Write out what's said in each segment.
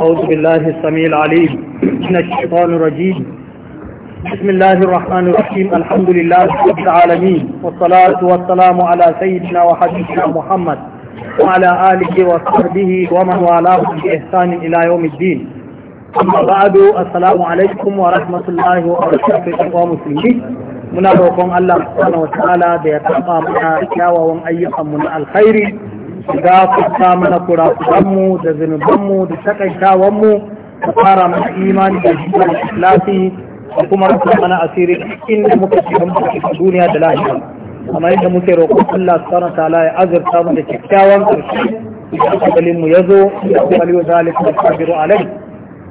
أعوذ بالله السميع العليم من الشيطان الرجيم بسم الله الرحمن الرحيم الحمد لله رب العالمين والصلاة والسلام على سيدنا وحبيبنا محمد وعلى آله وصحبه ومن والاه بإحسان إلى يوم الدين أما بعد السلام عليكم ورحمة الله وبركاته ومسلمين muna roƙon Allah subhanahu wa ta'ala da ya taɓa mana kyawawan ayyukan mu na alkhairi kusa mana kurakuranmu da zunubanmu da takaitawanmu da fara mana imani da jikin lafi da kuma rufe mana asiri inda muka da muka duniya da lafiya kamar yadda muke roƙon Allah subhanahu wa ta'ala ya azurta mu da kyakkyawan ƙarshe idan ajalin mu yazo ya zo aliyu alai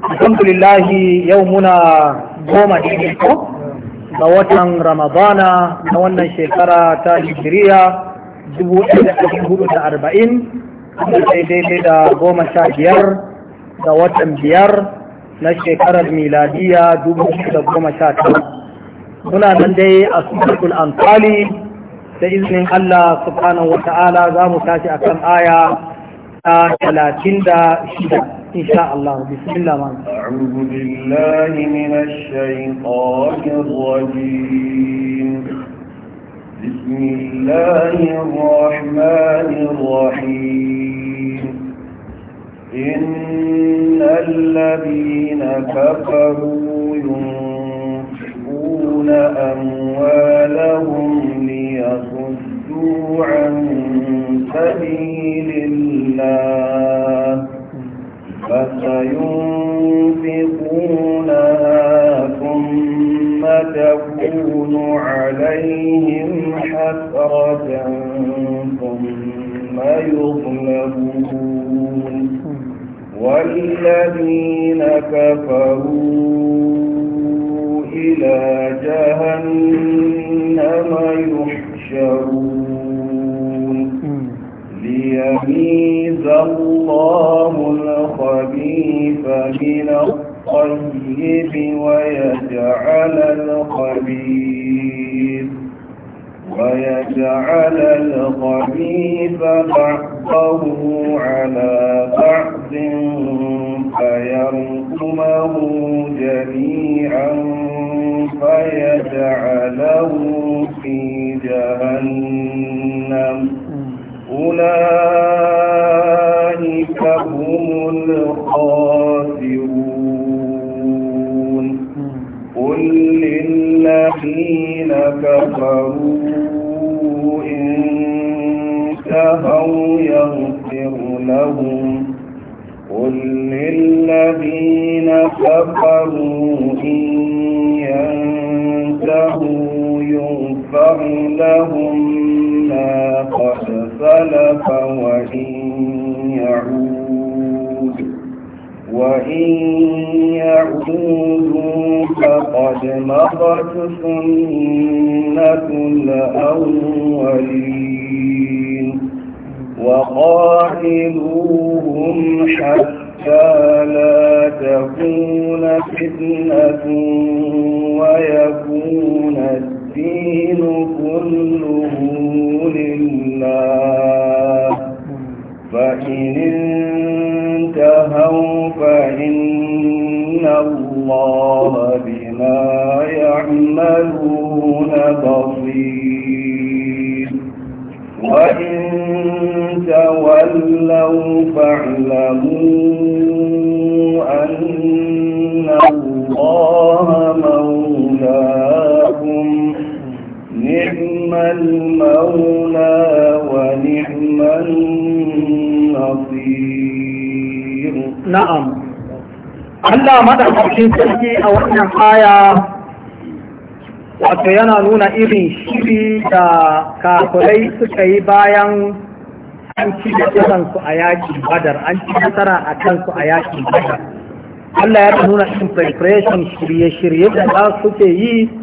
alhamdulillah yau muna goma da ko ga watan ramadana na wannan shekara ta hijiriya dubu da ɗari hudu da arba'in sai daidai da goma sha biyar da watan biyar na shekarar miladiya dubu da goma sha tara muna nan dai a suratul anfali da izinin Allah subhanahu wa ta'ala za mu tashi a kan aya ta talatin da shida إن شاء الله بسم الله الرحمن أعوذ بالله من الشيطان الرجيم بسم الله الرحمن الرحيم إن الذين كفروا ينفقون أموالهم ليصدوا عن سبيل الله فسينفقونها ثم تكون عليهم مكرة ثم يظلمون والذين كفروا إلى جهنم يحشرون ليميز الله الخبيث من الدين كله لله فإن انتهوا فإن الله بما يعملون بصير وإن تولوا فاعلموا المولى ونعم النصير نعم Allah madaukakin sarki a wannan aya wato yana nuna irin shiri da kafirai suka yi bayan an ci nasaransu a yakin badar an ci nasara a kansu a yakin badar Allah ya nuna irin preparation shirye-shirye da za suke yi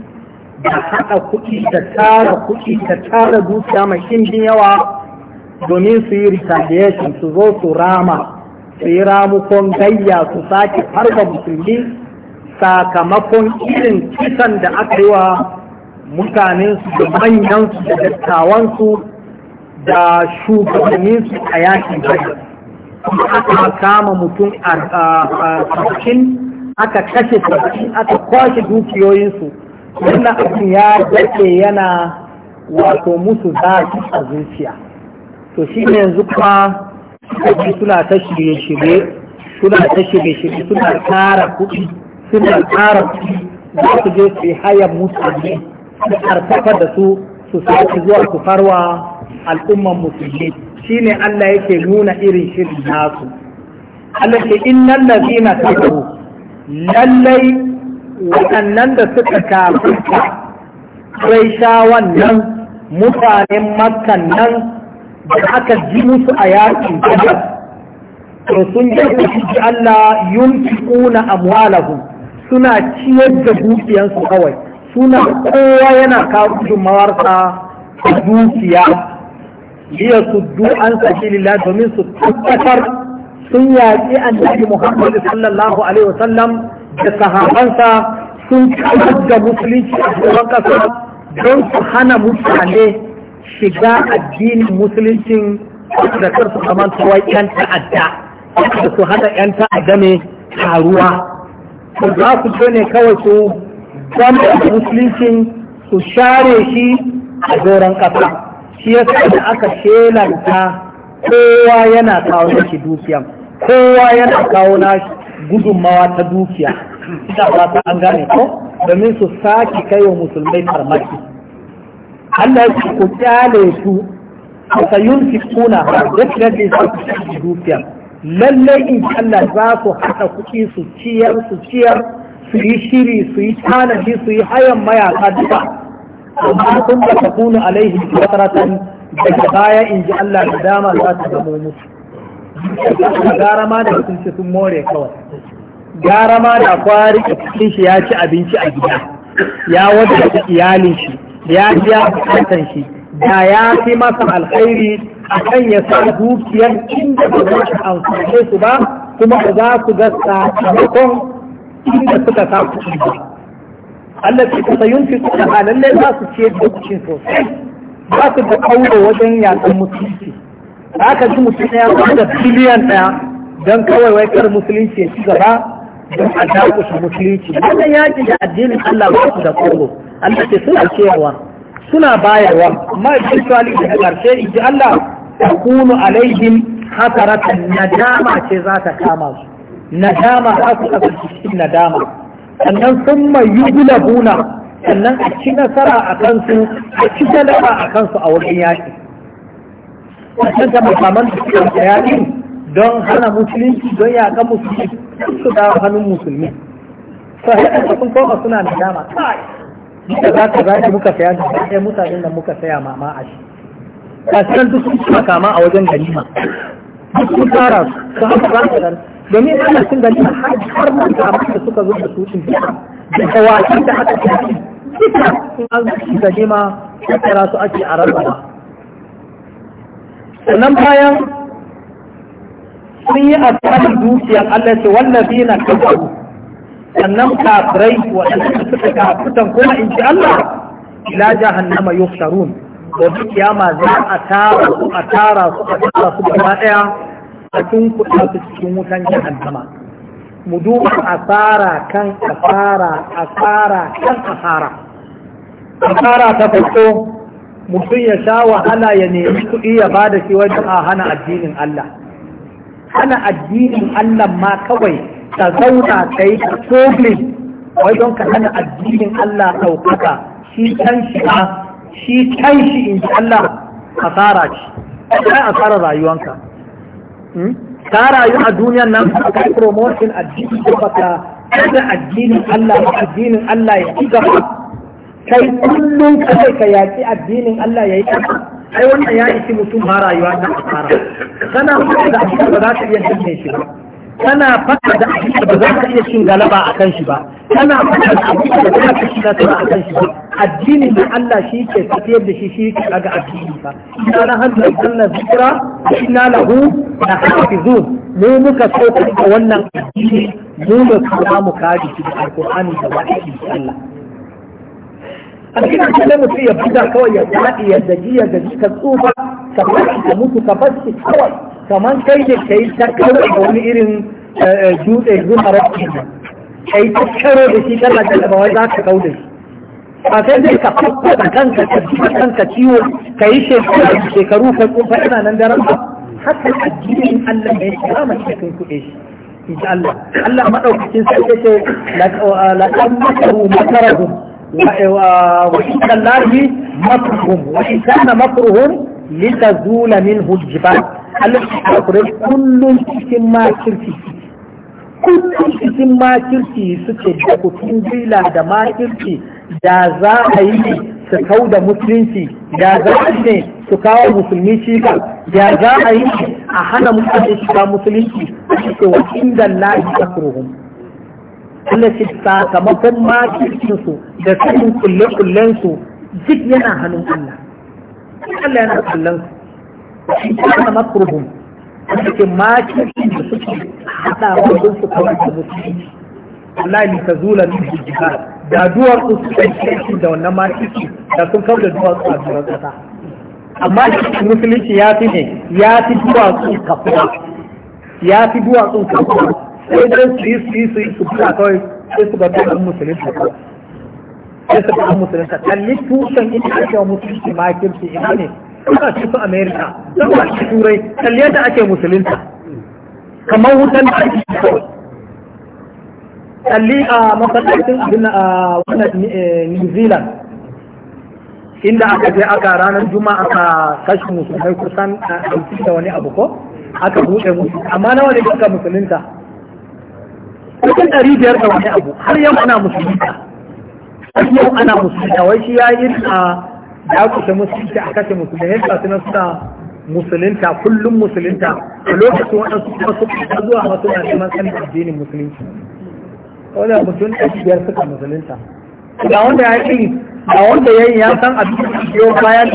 da haɗa kuɗi da tara kuɗi da tara dukiya mai shindin yawa domin su yi retaliation su zo su rama su yi ramukon gayya su sake farba musulmi sakamakon irin kisan da aka yi wa mutanensu da manyansu da dattawansu da shugabanninsu a yakin kuma aka kama mutum a aka kashe aka kwashe dukiyoyinsu wannan abin ya dace yana wato musu zafi a zuciya to shi ne yanzu kuma suna ta shirye-shirye suna ta shirye-shirye suna tara kuɗi suna tara kuɗi za su je su yi hayan mutane su karfafa da su su sake zuwa su farwa al'umman musulmi ne Allah yake nuna irin shirin nasu Allah ke innan lazina kafaru lallai waɗannan da suka kafinta sai sha wannan mutanen makan nan da aka ji musu a yakin jihar to sun je su Allah yunki kuna amwalahu suna ciyar da dukiyansu kawai suna kowa yana kawo gudunmawarsa a dukiya liya su du'an sabilillah domin su tabbatar sun yaƙi annabi Muhammad sallallahu alaihi wasallam da sahabansa sun kawar da musulunci a cikin ƙasa don su hana mutane shiga addinin musuluncin da kar su wai yan ta'adda da su hada yan ta'adda ne taruwa za su zo ne kawai su gwamnati musuluncin su share shi a doron ƙasa shi yasa da aka shelanta kowa yana kawo shi dukiyan kowa yana kawo nashi gudunmawa ta dukiya ina fata an gane ko domin su sake kai wa musulmai farmaki Allah ya ce ku kyale su a sayun fikuna da kirafi su kashe dukiya lallai in Allah za su haɗa kuɗi su ciyar su ciyar su yi shiri su yi tanadi su yi hayan mayaka duka amma Kun da ta kuna alaihi wata daga baya in ji Allah da dama za ta zama musu gara ma da sun sun more kawai gara ma da kwari cikin shi ya ci abinci a gida ya wadda iyalin shi ya biya bukatan shi da ya fi masa alkhairi a kan ya sa dukiyar inda ba za su amfane su ba kuma ba za su ga sakamakon inda suka sa ci ba Allah ce kusa yin fi a lallai za su ce da kucin sosai za su ga kauro wajen yatsun mutunci aka ji mutum ɗaya ba da biliyan ɗaya don kawai wai kar musulunci ya ci gaba don a dakusa musulunci wannan yaƙi da addinin Allah ba su da kongo Allah ce suna cewa suna bayarwa amma eventually da ƙarshe in ji Allah ta kunu alaihim hasaratan nadama ce za ta kama su nadama za su kasance cikin nadama sannan sun mai buna sannan a ci nasara a kansu a ci galaba a kansu a wajen yaƙi a canza makaman da yaƙi don hana musulunci don yaƙa musulmi su da hannun musulmi to haka sun koma suna da dama kai da za ka zaki muka saya da sai mutanen da muka saya mama a shi kasiran duk sun makama a wajen ganima duk sun fara su haka za ka gani domin ana cin ganima har nan da abin da suka zo da su cin da kawaki da aka yi sun an zuci ganima ya tsara su ake a rarraba sannan bayan sun yi asarar dukiyar Allah ce wallafi na kafaru sannan kafirai waɗanda suka kafutan kuma in ji Allah ila jahannama yusharun gobe kiyama za a tara su a tara su a tara su gaba ɗaya a tun kuɗa su cikin wutan jahannama mu duba asara kan asara asara kan asara asara ta farko mutum ya sha wahala ya nemi kuɗi ya ba da shi wajen a hana addinin Allah hana addinin Allah ma kawai ka zauna ka yi tobin wajen ka hana addinin Allah ɗaukaka shi can shi a shi can shi in ji Allah asara ce kai asara rayuwanka hmm? ka rayu a duniyan nan ka yi promotion addini ko baka kada addinin Allah addinin Allah ya ci gaba kai kullum kai ka yaƙi addinin Allah ya yi ai wannan ya isi mutum ma rayuwa na asara kana fata da abin da za ka iya danne shi ba kana fata da abin da za ka iya cin galaba a kan shi ba kana fata da abin da za ka ci nasara a kan shi ba addinin da Allah shi ke tafiyar da shi shi ke daga addini ba ina na hanzu da sanna zikira ina lahu da hafizun mu muka so ka wannan addini mu ne kuma mu kaji shi da alkur'ani da wa'ihi Allah abin da ne mutum ya fita kawai ya daɗi ya gaji ya gaji ka tsufa ka fashi ka mutu ka fashi kawai kamar kai da kai ta kawai da wani irin dutse zuwa rafi kai ta karo da shi kana da wai za ka kau da shi a kai dai ka fafa da kanka ka ji kanka ciwo ka yi shekaru shekaru ka tsufa ina nan daren ba haka addinin Allah ne ya kama shi kai kuɗe shi insha Allah Allah madaukakin sai ya ce la ta'ammaru makarahum وإن الله مكرهم وإن كان مكرهم لتزول منه الجبال cikin makirki suke da kutun da makirki da za a yi su kau da musulunci da za a yi su hana mutane shiga musulunci a cikin Allah ce sakamakon su da sanin kulle-kullensu duk yana hannun Allah. Allah yana kallon su. Shi kana makruhum. Wanda ke makircin da suke haɗa wajen su kawai da musulunci. Allah ne ka zula min jihar. Da duwar su kai shi da wannan makirci da sun kawo da duwatsu a duwar ƙasa. Amma musulunci ya fi ne ya fi duwatsu kafuwa. Ya fi duwatsun kafuwa. sai dan su yi su yi su yi su fita kawai sai su ga ɗan musulunta kawai sai su ga ɗan musulunta kalli tushen inda ake wa musulunci ma kirki ina ne suna cikin amerika don ba su turai kalli yadda ake musulun ta. kamar wutan da ake kawai kalli a ah, masallacin abin a ah, wannan eh, new zealand inda aka je aka ranar juma'a aka kashe musulmai kusan a ah, da wani abu ko aka buɗe musu amma nawa ne suka musulunta cikin ɗari biyar da wani abu har yau ana musulunta har yau ana musulunta wai shi ya yi a ah, ya kusa musulunta a kashe musulunta yadda suna suna musulunta kullum musulunta a lokacin waɗansu kuma su kusa zuwa masu na neman sanin addinin musulunci wanda mutum ɗari biyar suka musulunta ga wanda ya yi ga wanda ya yi ya san abin da biyo bayan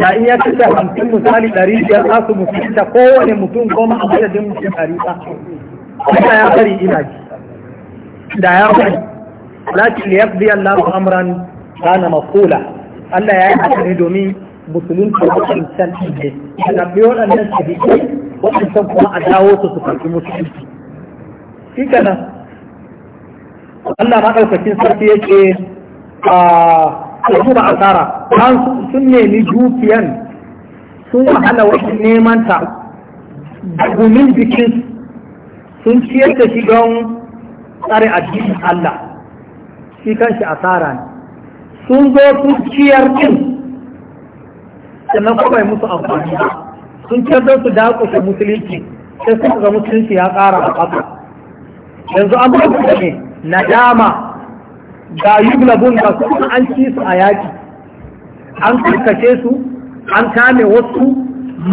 da in ya kashe hamsin misali ɗari biyar za su musulunta kowane mutum goma a madadin mutum ɗari ba. Allah ya bari ina ji. da ya bari lakin ya fi Allah amran kana makula Allah ya yi domin musulun domin wata insan ne a zaɓi waɗannan su biki waɗancan kuma a dawo su su karɓi musulunci shi nan, Allah maɗaukakin sarki yake a zuba asara an sun nemi dukiyan sun wahala wajen neman ta gumin bikin sun ciyar da shi don tsare addinin Allah shi kanshi asara ne sun zo sun ciyar din sannan kuma musu amfani ba sun ce don su dakushe musulunci sai sun ga musulunci ya ƙara a ƙasa yanzu an ba ne nadama ga yuglabun ba su an ci su a yaƙi an karkace su an kame wasu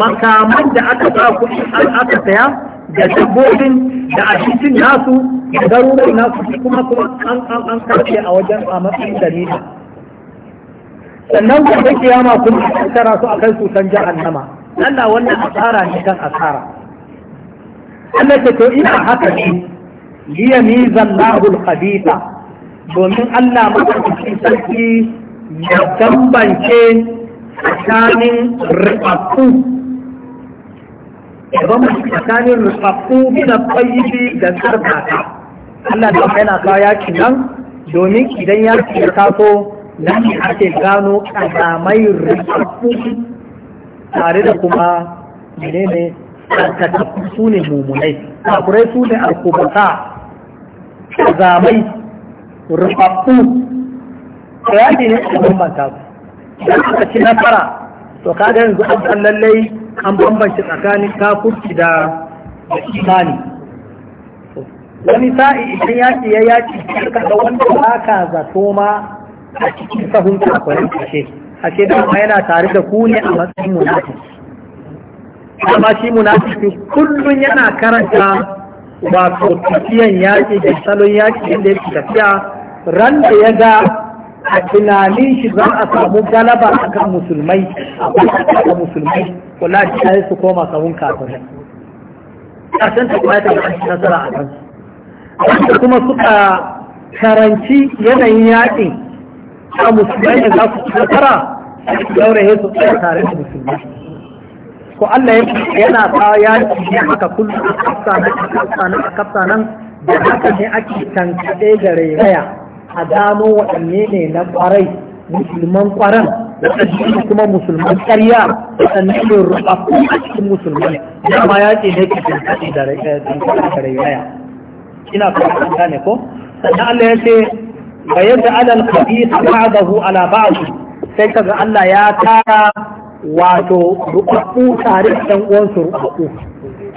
makaman da aka sa kuɗi aka saya da dabbobin da abincin nasu da garuruwan nasu kuma kuma an an an karfe a wajen a matsayin dalili sannan gobe kiyama kuma a su a kai su san jahannama Allah wannan asara ne kan asara Allah ce to ina haka ne liyamizan lahul khabitha domin Allah madaukakin sarki ya bambance tsakanin rikakku يضم مكان الحقو na الطيب جسر باتا Allah da yana kawo yakin nan domin idan yakin ya taso nan ne ake gano kalamai rikaku tare da kuma menene tsarkakakku su ne mummunai kakurai su ne alkubata zamai rufaffu da yaji ne a bambanta su idan aka ci nasara to kaga yanzu an san lallai an bambance tsakanin kafurci da imani wani sa'i idan yaki ya yaki cika da wanda ba zato ma a cikin sahun kakwarin kashe ashe da ma yana tare da ku ne a matsayin munafiki amma shi munafiki kullum yana karanta wato tafiyan yaki da salon yaki inda yake tafiya ran da ya ga a tunanin shi za a samu galaba a kan musulmai a kan musulmai kula da shi su koma samun kafirai ƙarshen ta kuma ya taɓa shi nasara a kansu wanda kuma suka karanci yanayin yaƙin a musulmai da za su ci nasara a cikin gauraye su tsaye tare da musulmai ko Allah yana kawo yaƙi ne aka kullum a kafsa nan a kafsa nan da haka ne ake tankaɗe da rairaya a gano waɗanne ne na ƙwarai musulman ƙwaran waɗanne kuma musulman ƙarya waɗanne ne rubafu a cikin musulman dama ya ce ne ke tunkaɗi da rairaya eh, ina fara gane ko sannan Allah ya ce bayan da alal ta ba'dahu ala ba'd sai kaga Allah ya tara wato rubafu tare da ɗan uwansu rubafu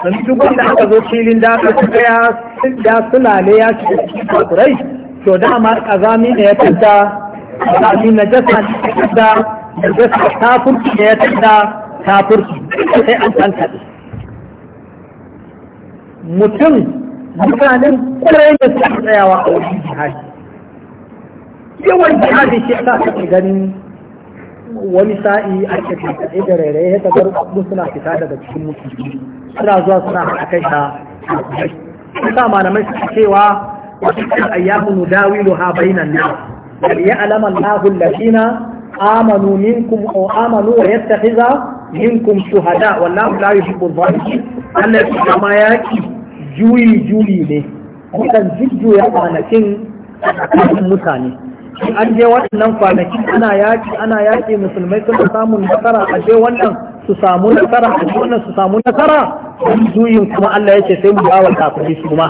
Sannan duk wanda aka zo filin da aka ya sulale ya shiga cikin kurai to dama kazami ne ya tadda kazami na jasa ne ya tadda da jasa kafurki ne ya tadda kafurki sai an tankaɗe mutum mutanen kwarai da su tsayawa a wajen jihadi yawan jihadi shi ta kake ganin wani sa'i a cikin kaɗe da rairaye ya bar kuɗin suna fita daga cikin mutum suna zuwa suna haɗa kai da kuɗai. Sa malamai suke cewa وتلك الأيام نداولها بين الناس وليعلم الله الذين آمنوا منكم أو آمنوا ويتخذ منكم شهداء والله لا يحب الظالمين الذي كما جوي جوي ne kan jujjuya kwanakin tsakanin mutane in an je waɗannan kwanakin ana yaƙi ana yaƙi musulmai suna samun nasara a je wannan su samu nasara a je wannan su samu nasara juyin kuma Allah yake sai mu bawa kafiri su kuma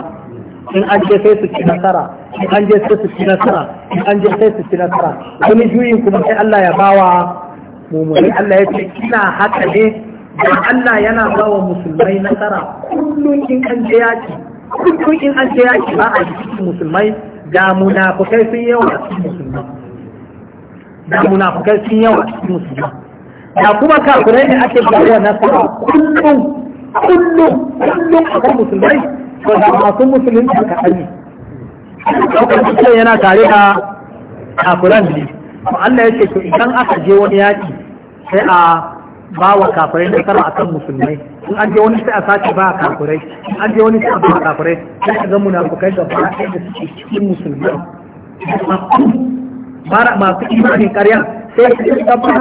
in an je sai su ci nasara in an je sai su ci nasara in an je sai su ci nasara wani juyin kuma sai Allah ya bawa mumuni Allah ya ce kina haka ne da Allah yana bawa musulmai nasara kullum in an je yaki kullum in an je yaki ba a cikin musulmai ga munafukai sun yawa a cikin musulmai da munafukai sun yawa a cikin musulmai da kuma kafirai ne ake bawa nasara kullum kullum kullum a kan musulmai ko da masu musulun da kaɗani ɗaukar yana tare da kafiran ne Allah ya ce to idan aka je wani yaƙi sai a ba wa kafirai nasara a kan musulmai in an je wani sai a sace ba kafirai in an je wani sai a ba kafirai sai a ga munafukai da ba ɗaya da suke cikin musulmai masu imanin ƙarya sai su ga ba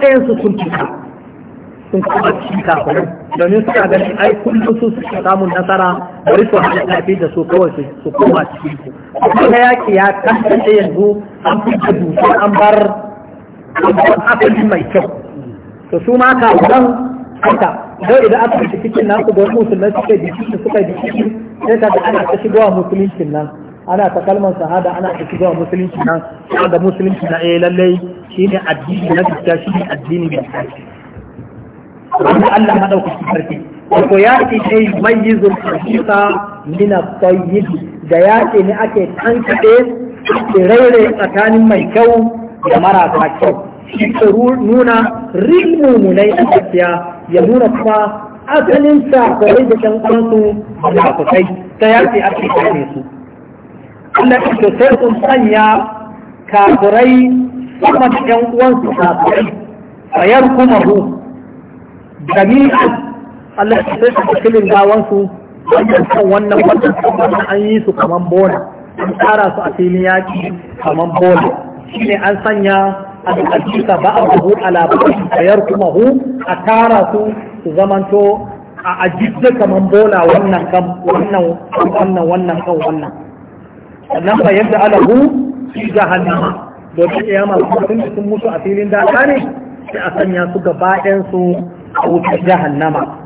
ɗayan su sun cika sun kuma ci kafin domin suka gani ai kullum su suke samun nasara bari su haɗa tafi da su kawai su koma cikin su kuma yaƙi ya kasance yanzu an fita dutse an bar asali mai kyau to su ma kafiran haka don idan aka fita cikin nan su don musulmai suka yi biki suka yi biki sai ka ga ana ta shigowa musuluncin nan ana ta kalmar sahada ana ta shigowa musulunci nan ga musulunci na eh lallai shine addini na gaskiya shine addini mai wanda Allah madaukakin sarki wato ya ce yi mayyizul hakika min at-tayyib da ya ce ne ake tankade tsirere tsakanin mai kyau da marasa kyau shi nuna rin mummunai a gaskiya ya nuna kuma asalin sakwarai da ɗan uwansu da kukai ta ya ce ake kare su Allah ya ce sai sun sanya kafurai sama da ɗan uwansu kafurai fayar kuma hu jami'an Allah ya sai su filin su wannan kan wannan wannan wannan an yi su kaman bola an tsara su a filin yaƙi kaman bola shine an sanya alƙalƙisa ba a ala alaƙalƙi tsayar kuma hu a tara su su zamanto a ajiyar kaman bola wannan kan wannan wannan wannan kan wannan sannan fa yadda alahu fi jahannama domin iyama sun mutu a filin da ne sai a sanya su gaba ɗayan su a wutar jahannama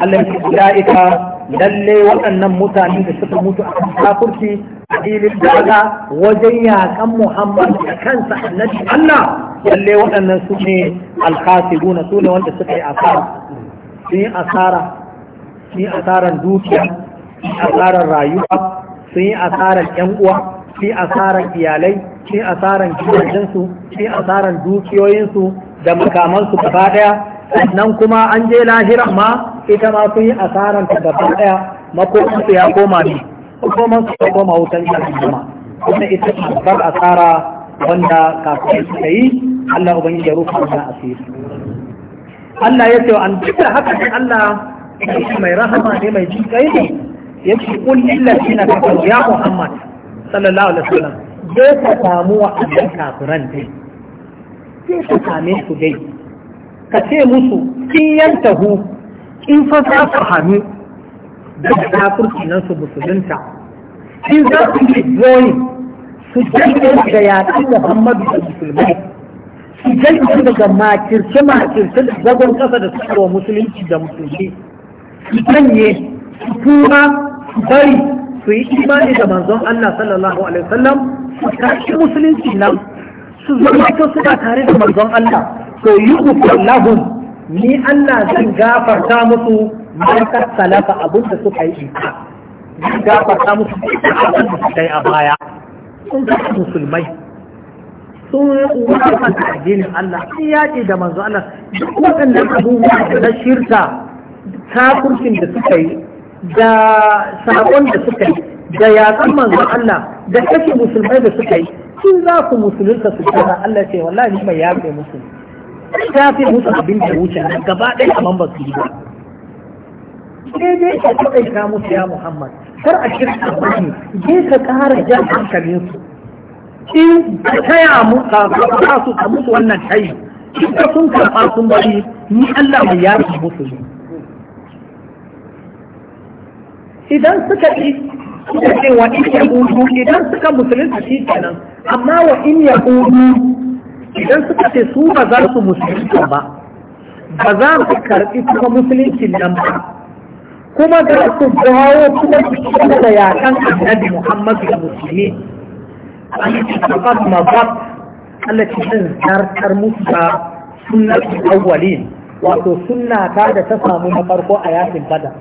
Allah ya ce ita lalle waɗannan mutane da suka mutu a kan kafurci a filin daga wajen yakan Muhammad da kansa annabi Allah lalle waɗannan su ne alkhasiruna su ne wanda suka yi asara sun yi asara sun yi asaran dukiya sun yi asaran rayuwa sun yi asaran ƴan uwa sun yi asaran iyalai sun yi asaran gidajensu sun yi asaran dukiyoyinsu da makamansu gaba ɗaya Nan kuma an je lahira ma ita ma sun yi asaran ta gaba daya makoman su ya koma ne makoman su ya koma wutan kuma kuma, ita ce babbar asara wanda kafin ka yi Allah ubangi ya rufa wannan asiri Allah ya ce an duk haka ne Allah mai rahama ne mai jin kai ne ya ce kun lillahi na kafin ya Muhammad sallallahu alaihi wasallam zai ka samu wa annan kafiran dai sai ka same su dai ka ce musu in yantahu in fa za su hannu da kafirci nan su musulunta in za su yi joyi su jirgin da yaƙi muhammadu da musulmai su jirgin daga makirce makirce da zagon ƙasa da suka wa musulunci da musulmi su janye su tura su bari su yi imani da manzon Allah sallallahu alaihi wasallam su tashi musulunci nan su zama suna tare da manzon Allah to yi lahum ni Allah zan gafarta musu markar salafa abin da suka yi ita zan gafarta musu abin da suka yi a baya sun zama musulmai sun wata addinin Allah sun yaƙi da manzo Allah duk waɗannan abubuwa da na shirka kafurcin da suka yi da saƙon da suka yi da yaƙan manzo Allah da kashe musulmai da suka yi sun za ku musulunta su kira Allah ce wallahi mai yaƙe musulmi ta fi musu abin da wuce gaba ɗaya kamar ba su yi ba sai dai ka kaɗai ka musu ya muhammad kar a shirka bane je ka ƙara jan hankalin su in ka taya mu ka ka su ka musu wannan tayi in ka sun karɓa sun bari ni Allah mai yafi musu ne idan suka yi suka ce wa in ya idan suka musulunta shi kenan amma wa in ya idan suka ce su ba za su musulunci ba ba za su karɓi kuma musuluncin nan ba kuma za su dawo kuma su shiga da yakan annabi Muhammadu da musulmi an yi tafas mabab Allah ce zan zartar musu da su awwali wato sunna ta da ta samu na farko a yakin bada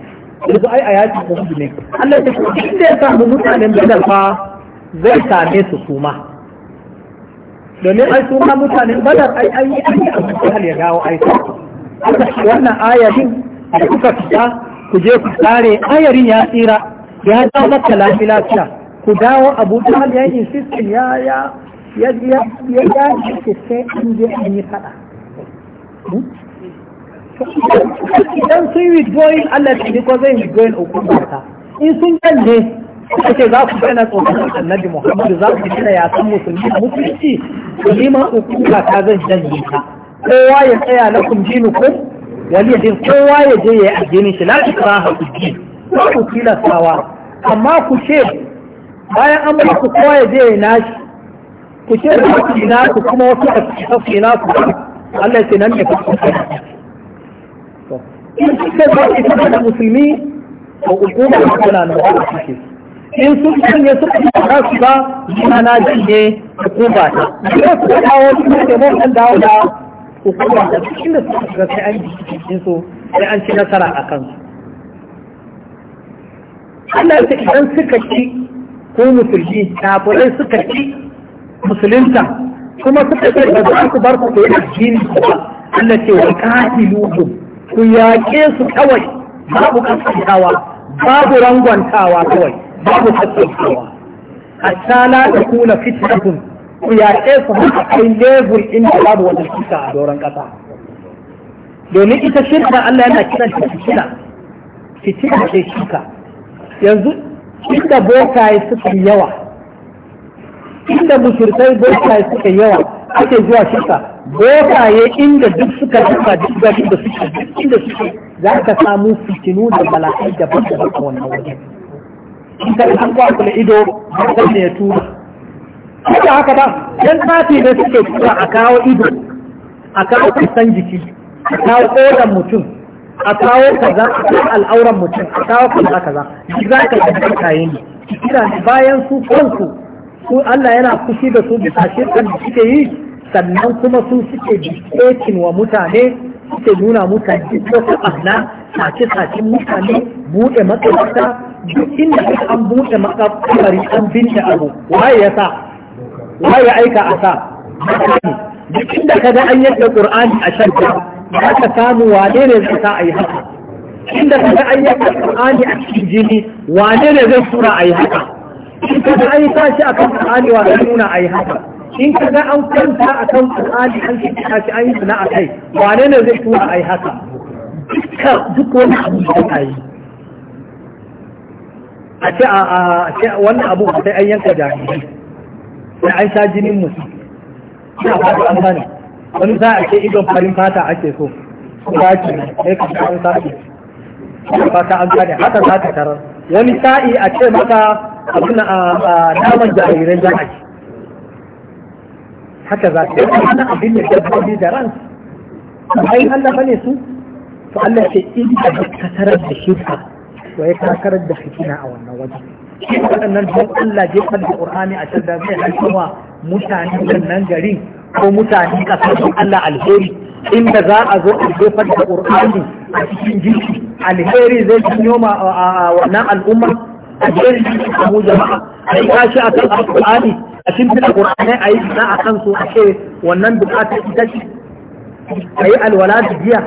yanzu ai a yakin bada ne Allah ce inda ya samu mutanen bada fa zai same su suma. domin ai su ma mutanen badar ai ai yi hal a ya gawo ai wannan ayarin da kuka fita ku je ku tsare ayarin ya tsira ya dawo maka lafi lafiya ku dawo abu hal ya yi insistin ya ya ya ya ya ya sai an je an yi fada hmm? idan sun yi withdrawing Allah ta ko zai withdrawing hukumar ta in sun ne ce za ku daina tsoron annabi Muhammad za ku ya yakan musulmi da musulunci to ni ma ukuka ta zan janye ka kowa ya tsaya na kun jini ko wali din kowa ya je ya addini shi la ha ku ji ko ku tilastawa amma ku ce bayan an ba ku kowa ya je ya nashi ku ce za ku ina ku kuma wasu a cikin ina ku Allah ya ce nan ne ku in kika zaki da musulmi ko ukuka tana nan ku ce in sun kanye suka yi ba su ba suna na jinde hukuma ta idan suka dawo suna da mun kan dawo da hukuma ta cikin da suka shiga sai an jikin su sai an ci nasara a kansu Allah ya idan suka ci ko musulmi kafirai suka ci musulunta kuma suka ce ba za su bar ku yi addini ba Allah ce wa katiluhum ku yaƙe su kawai babu kasantawa babu rangwantawa kawai babu haƙƙin hatta la ta kuna fitnatun ya yaƙe su haka kai lebur da babu wannan kisa a doron ƙasa domin ita shirka Allah yana kiran ta fitina fitina ce shirka yanzu inda bokaye suka yawa inda mushrikai bokaye suka yawa ake zuwa shirka bokaye inda duk suka duka duk garin da suka duk inda suke za ka samu fitinu da malakai da daban a wannan wajen in an kwakula ido ba ne ya tura haka haka ba yan sati ne suke tura a kawo ido a kawo kusan jiki a kawo kodan mutum a kawo kaza a kawo al'auran mutum a kawo kaza kaza shi za ka yi kaye ne kira bayan su kansu su Allah yana fushi da su bisa shirkan da suke yi sannan kuma su suke dictating wa mutane suke nuna mutane ko su ahna sace-sacen mutane buɗe makarata duk inda an buɗe makabari an binne abu waye ya sa waye aika a sa duk inda ka ga an yadda qur'ani a shadda za ka samu wane ne zai sa ayi haka inda ka ga an yadda qur'ani a cikin jini wane ne zai tura ayi haka in ka ga an yi sa shi akan qur'ani wa zai nuna a haka in ka ga an kwanta a akan qur'ani an kika shi an yi a kai wane ne zai tura ayi haka? haka duk wani abu da ka yi a ce a wannan abu sai an yanka jami'ai sai an sha jinin mutum ina fata an gane wani za a ce idon farin fata ake so ce ne ka an saki a fata an gane haka za ta tarar wani sa'i a ce maka abin a naman jarirai za a ci haka za ta yi wani abin da dabbobi da ran su ai Allah ne su to Allah ce in ka tarar da shirka wa ya takarar da fitina a wannan waje waɗannan don Allah je kan da Qur'ani a can da zai haifawa mutane wannan gari ko mutane kasar don Allah alheri inda za a zo a jefar da Qur'ani a cikin jiki alheri zai janyo ma wannan al'umma a jerin a mu jama'a a yi kashi a kan Qur'ani a shimfiɗa Qur'ani a yi na a kansu a ce wannan bukatar ita ce a yi alwala da biya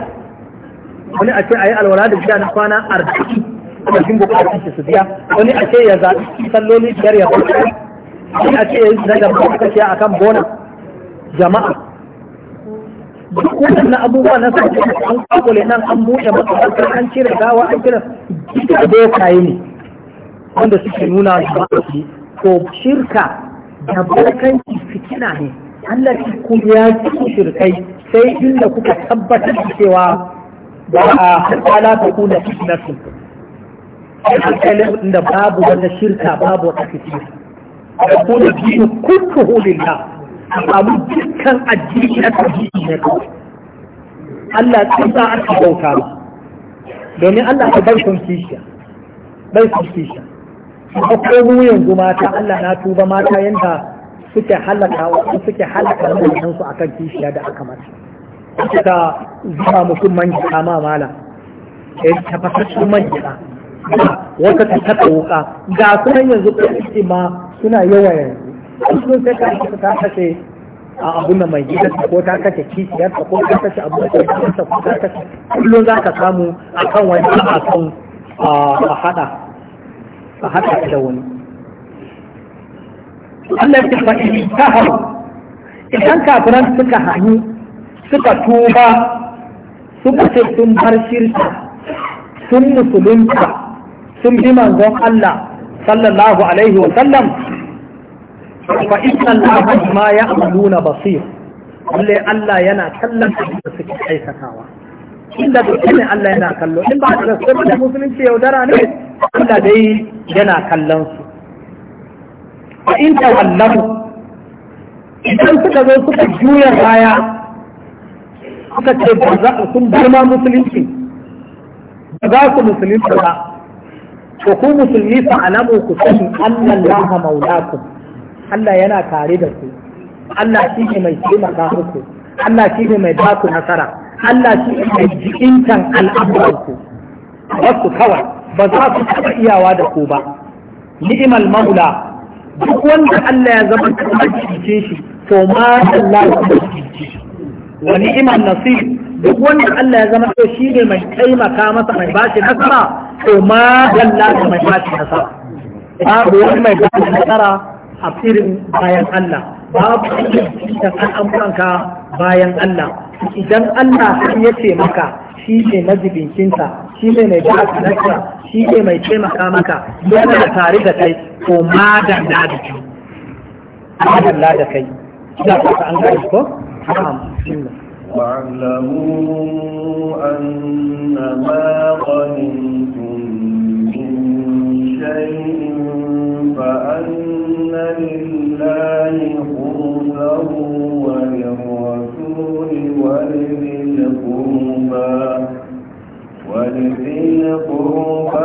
wani a ce a yi alwala da biya na kwana arziki. da bukatun su biya wani a ce ya zaɓi salloli biyar ya bauta wani a ce ya yi zaga kashe a kan bona jama'a duk na abubuwa na sauke an kakule nan an buɗe makarantar an cire gawa an cire ya kayi ne wanda suke nuna jama'a su Ko shirka da bokanci fitina ne Allah ki ku ya ci shirkai sai inda kuka tabbatar da cewa ba a halala ta kuna fitnatun hankalin da babu wata shirka babu wata fitina da kuma dini kulluhu A amma dukkan addini na tauhidi ne kawai Allah ya sa aka bauta ba domin Allah ya bar kun bai kun kishiya ko ko yanzu mata Allah na tuba mata yanda suke halaka wasu suke halaka mutanen su akan kishiya da aka mata suka zama mutum manja ma mala eh tafasassun manja wata ta taɓa wuka ga sunan yanzu ko ake ma suna yawa yanzu sun sai ka ake ta kashe a abun da mai gidan ko ta kashe kishiyar ta ko ta kashe abun da ta kashe ko ta kashe kullum za ka samu a kan wani a kan a haɗa a haɗa da wani Allah ya taɓa idan ta hau idan kafiran suka hanyi suka tuba suka ce sun bar shirka sun musulunta sun bi manzon Allah sallallahu alaihi wa sallam fa inna Allah ma ya'maluna basir lalle Allah yana kallon da suke aikatawa inda duk ne Allah yana kallo in ba da sai da musulunci yaudara ne Allah dai yana kallon su fa in tawallahu idan suka zo suka juya baya suka ce ba za su bar ma musulunci ba za su musulunci ba to ku musulmi fa alamu ku sani annallaha maulakum Allah yana tare da ku Allah shi ne mai taimaka muku Allah shi ne mai ba ku nasara Allah shi ne mai jikintan al'amuranku wasu kawai ba za ku taɓa iyawa da ku ba ni'imal maula duk wanda Allah ya zama kamar jikin shi to ma Allah ya jikin shi wa ni'imal nasir duk wanda Allah ya zama shi ne mai taimaka masa mai bashi nasara to ma Allah da mai bashi nasara babu wani mai bashi nasara a firin bayan Allah babu da al'amuranka bayan Allah idan Allah ya ce maka shi ne majibincinsa shi ne mai bashi nasara shi ne mai taimaka maka yana tare da kai to ma da da kai ma da kai ina fata an gani ko na'am bismillah واعلموا أن ما غنمتم من شيء فأن لله خرسه وللرسول ولذي القربى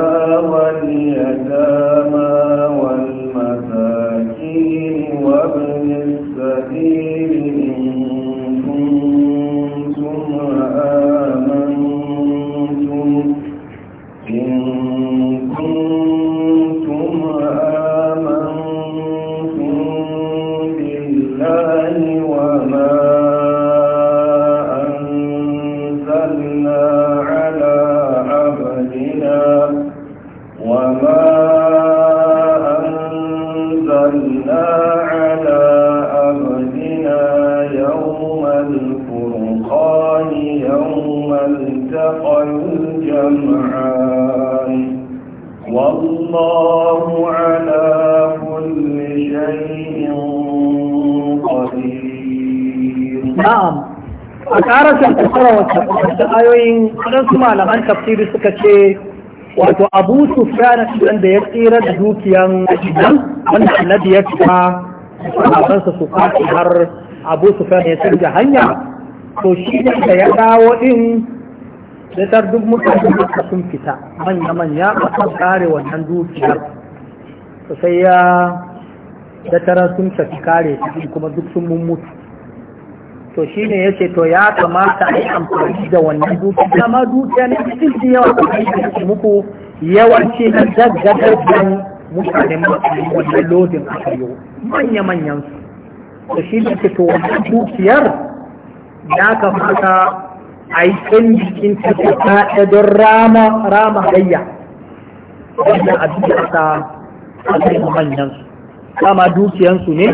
malaman tafsiri suka ce wato abu su shi wanda ya tsira da dukiyan ajiyar wanda annabi ya fita sahabansa su fashi har abu su sufyan ya canza hanya to shi da ya dawo in da tar duk mutane da sun fita manya manya a kan kare wannan dukiyar to ya da tara sun tafi kare kuma duk sun mummutu to shi ne ya ce to ya kamata a yi amfani da wannan dukiya ma dukiya ne cikin su yawa da ake muku yawanci na gaggadar biyan mutane masu wannan lodin a kayo manya-manyan su to shi ne ce to wannan dukiyar ya kamata a yi kan jikin ta ta don rama rama gayya wannan abin da ta manyan su kama dukiyansu ne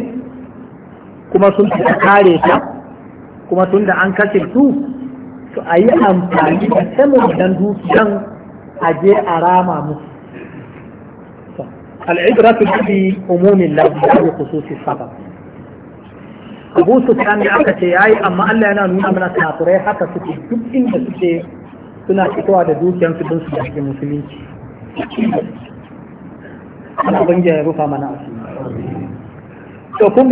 kuma sun fi kare ta kuma tun da an kashe su to a yi amfani da samun dan dukiyan a je a rama musu العبرة da اللفظ بخصوص saba abu su kan da aka ce yayi amma Allah yana nuna mana kafirai haka suke duk inda suke suna fitowa da dukiyan su don su da musulunci Allah bangiya ya rufa mana asiri to kun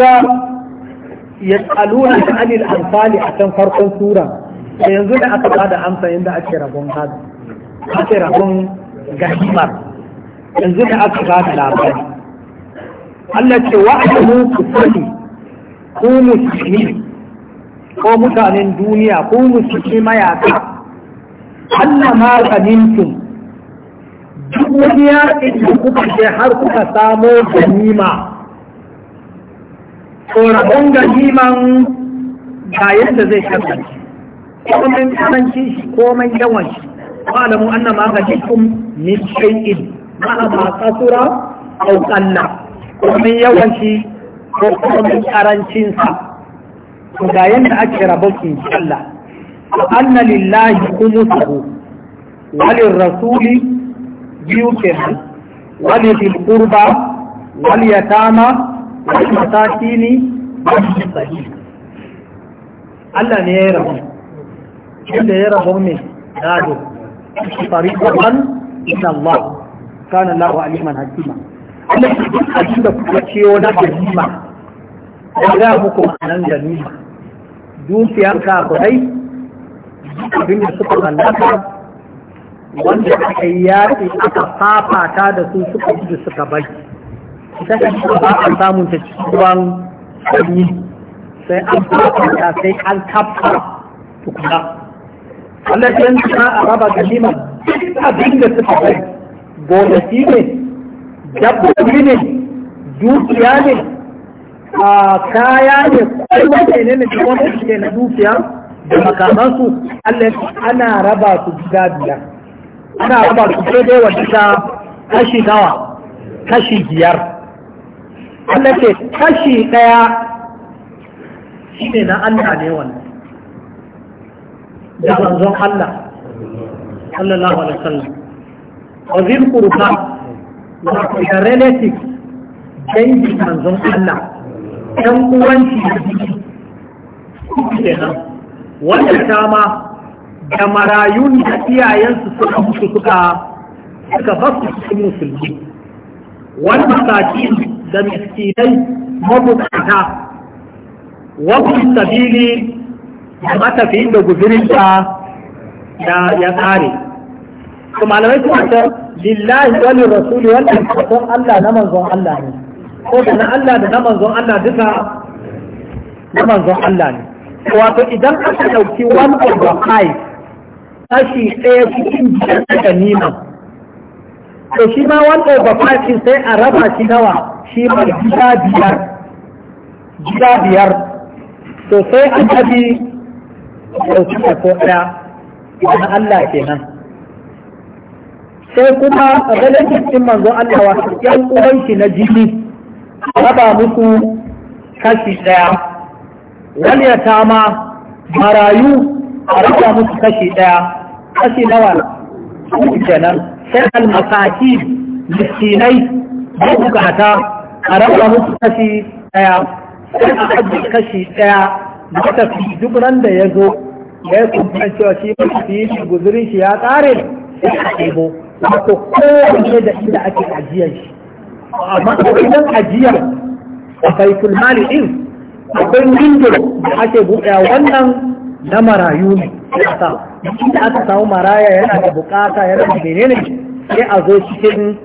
yas'aluna anil amfani a can farkon sura yanzu da aka bada amsa yanda ake rabon hadu ake rabon gahimar yanzu da aka bada labari Allah ce wa'adamu ku sani ku musulmi ko mutanen duniya ku musulmi mayaka Allah ma ganintum duk wani yaƙin da kuka je har kuka samo ganima tsoron ganiman ga yadda zai kasance komai karanci shi komai yawan shi ma'alamu anna ma ga jikin min shay'in ma'a ma kasura au qalla komai yawan shi ko komai karancin sa to ga yadda ake rabon insha Allah anna lillahi khumsuhu walin rasuli biyu kenan walin qurba wal yatama masakini sahi Allah ne ya yi rabu inda ya rabu ne gado fariqan inna Allah kana Allahu aliman hakima Allah ya duk abin da kuka ciyo na ganima ya ga muku ma'anan ganima dukiyar kafirai abin da suka mallaka wanda aka yi yaƙi aka fafata da su suka yi da suka bai ita ka ce ba a samun ta cikin sanyi sai an ta sai an kafa tukuna Allah ya yanzu na a raba ganima duk abin da suka bai gonaki ne dabbobi ne dukiya ne a kaya ne kuma ne ne ne kuma ne na dukiya da makamansu Allah ana raba su gida biyar ana raba su daidai wa ta kashi nawa kashi biyar Allah ce kashi ɗaya shi ne na Allah ne wannan da manzon Allah sallallahu alaihi wasallam wazir kurka wato da relative dangi manzon Allah ɗan uwanci da jiki kenan wanda ta ma da marayun da iyayensu suka mutu suka suka basu cikin musulmi wani masaki da miskinai mabukata wasu sabili da matafiyin da guzirin da ya tsare to malamai suna ta lillahi wani rasuli wannan kasan Allah na manzon Allah ne ko da na Allah da na manzon Allah duka na manzon Allah ne wato idan aka ɗauki one of the five kashi ɗaya cikin biyar da nima to shi ma one of the five sai a raba shi nawa shi mai gida biyar gida biyar to sai annabi ɗauki ko ɗaya na Allah kenan sai kuma ganin cikin manzo Allah wa yan uwanki shi na jini raba musu kashi ɗaya wal tama marayu a raba musu kashi ɗaya kashi nawa kenan sai Almasaki, masaki miskinai mabukata a raba musu kashi ɗaya sai a ajiye kashi ɗaya matafi duk ran da ya zo ya yi kuma cewa shi su yi shi guzurin shi ya tsare sai a ɗebo wato kowanne da inda ake ajiyar shi amma idan ajiyar akwai fulmali ɗin akwai windo da ake buɗewa wannan na marayu ne inda aka samu maraya yana da bukata yana da menene sai a zo cikin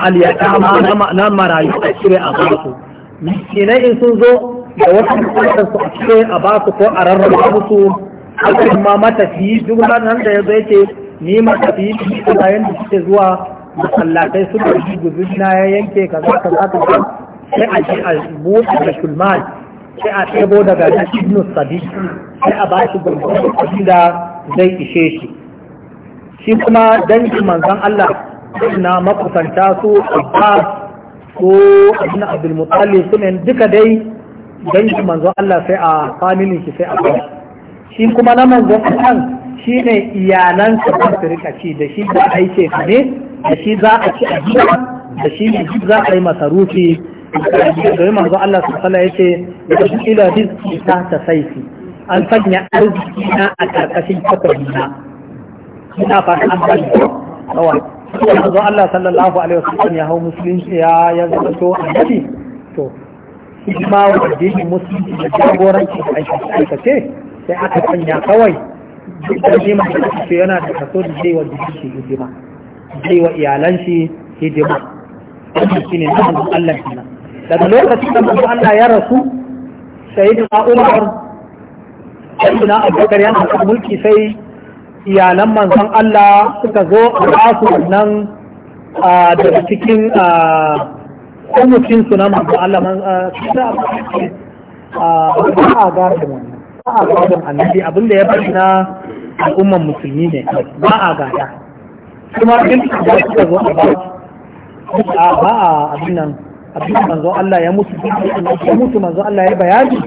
aliyatama na marayu a cire a basu miskinai in sun zo da wasu bukatar su a cire a basu ko a rarraba musu hakan ma matafiyi duk ranar da ya zo yake ni matafiyi ne kuma yanda suke zuwa masallatai su da shi guzuri na ya yanke kaza kaza kaza sai a ce a buɗe da shulman sai a tebo daga ibnu sabi sai a ba shi gurgurun da zai ishe shi shi kuma dangin manzon Allah na makusanta su abbas ko abin abdulmutalli su ne duka dai dangin manzon Allah sai a familin shi sai a kai shi kuma na manzon Allah shi ne iyalan su kan su rika ci da shi za a yi ce ne da shi za a ci a gida da shi ne za a yi masarufi yi manzo Allah su sala ya ce da shi ila rizki ta ta saifi an sanya arziki na a karkashin na, ina fata an sanya kawai ko Allah sallallahu alaihi wasallam ya hau musulunci ya ya zama to annabi to ma wajen musulunci da jagoranci da aikace sai aka sanya kawai duk da jima da ce yana da kaso da zai wa shi hidima zai wa iyalan shi hidima wannan shine na manzo Allah kenan daga lokacin da manzo Allah ya rasu sayyidina Umar sayyidina Abubakar yana mulki sai iyalan manzon Allah suka zo a basu wannan da cikin kumucinsu na manzon Allah man ba a gadon wannan ba a annabi abinda ya bari na al'umman musulmi ne ba a gada kuma in da suka zo a basu ba a abin nan abin manzon Allah ya mutu ya mutu manzon Allah ya bayani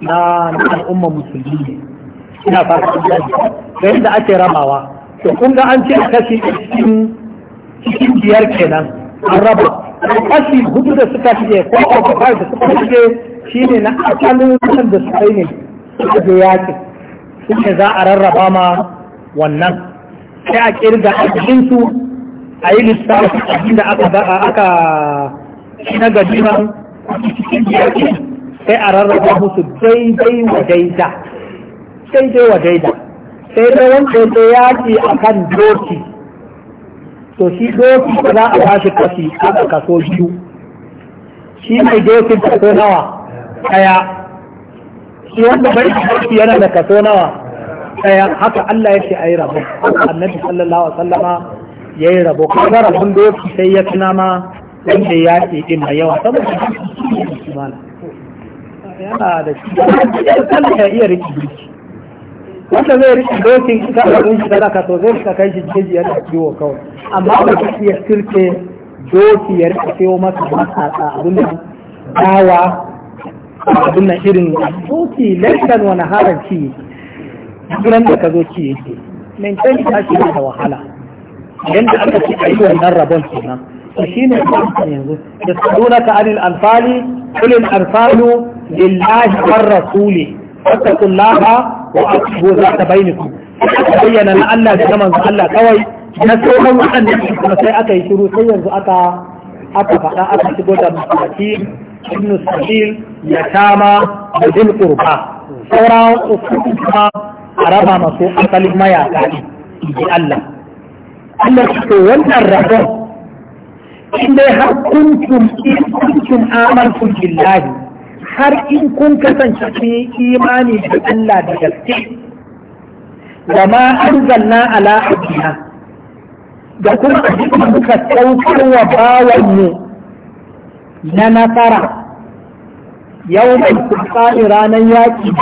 na al'umman musulmi ne ina fata da yadda ake ramawa to kun ga an ce kashi cikin cikin biyar kenan an raba kashi hudu da suka fiye ko kuma da suka shige shine na asalin wannan da suka yi ne suka je yaƙi suke za a rarraba ma wannan sai a kirga ajin su a yi lissafi abin da aka aka na gajima cikin biyar sai a rarraba musu daidai wa daida daidai wa daida sai dai wanda ya yaki a kan doki to shi doki ba za a bashi kashi aka kaso biyu shi mai dokin kaso nawa ɗaya shi wanda bai doki yana da kaso nawa ɗaya haka Allah ya ce a yi rabo annabi sallallahu alaihi wasallama ya yi rabo kuma rabon doki sai ya tuna ma wanda ya ce din mai yawa saboda yana da shi da iya riki birki wanda zai riƙe dokin ka abin shi sadaka to zai rika kai shi jeji ya rika kiwo kawai amma ba ka iya sirke doki ya rika kiwo masa a abin nan dawa abin nan irin doki lantan wani harar ci duran da ka zo ci yake maintain ta ce da wahala yanda aka ci a yi wannan rabon kenan to shi ne yanzu da sadunaka anil anfali kulil anfalu lillahi war rasuli kullaha. wa asbu za ta bainakum aka bayyana na Allah da manzo Allah kawai na sauran waɗannan kuma sai aka yi shiru sai yanzu aka aka faɗa aka shigo da mutaki ibn sabil ya kama da dil kurba. sauran uku kuma a raba masu asalin mayaka ne ji Allah Allah ce wannan rabon in dai har kuntum in kuntum amantu billahi har in kun kasance kun yi imani da Allah da gaske wa ma anzalna ala abdina da kuma abin muka saukar wa bawanmu na nasara yau mai kusani ranar yaƙi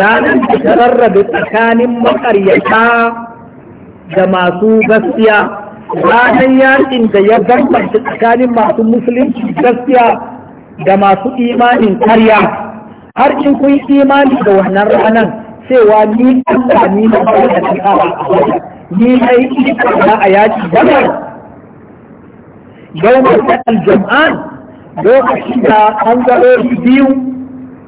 ranar da ta rarrabe tsakanin makaryata da masu gaskiya ranar yaƙin da ya bambanta tsakanin masu musulunci gaskiya da masu imanin karya har in kun imani da wannan ranar cewa ni Allah ni na ba da tsara ni ai ina a yaki bana yawon da aljam'an lokacin da ɓangarori biyu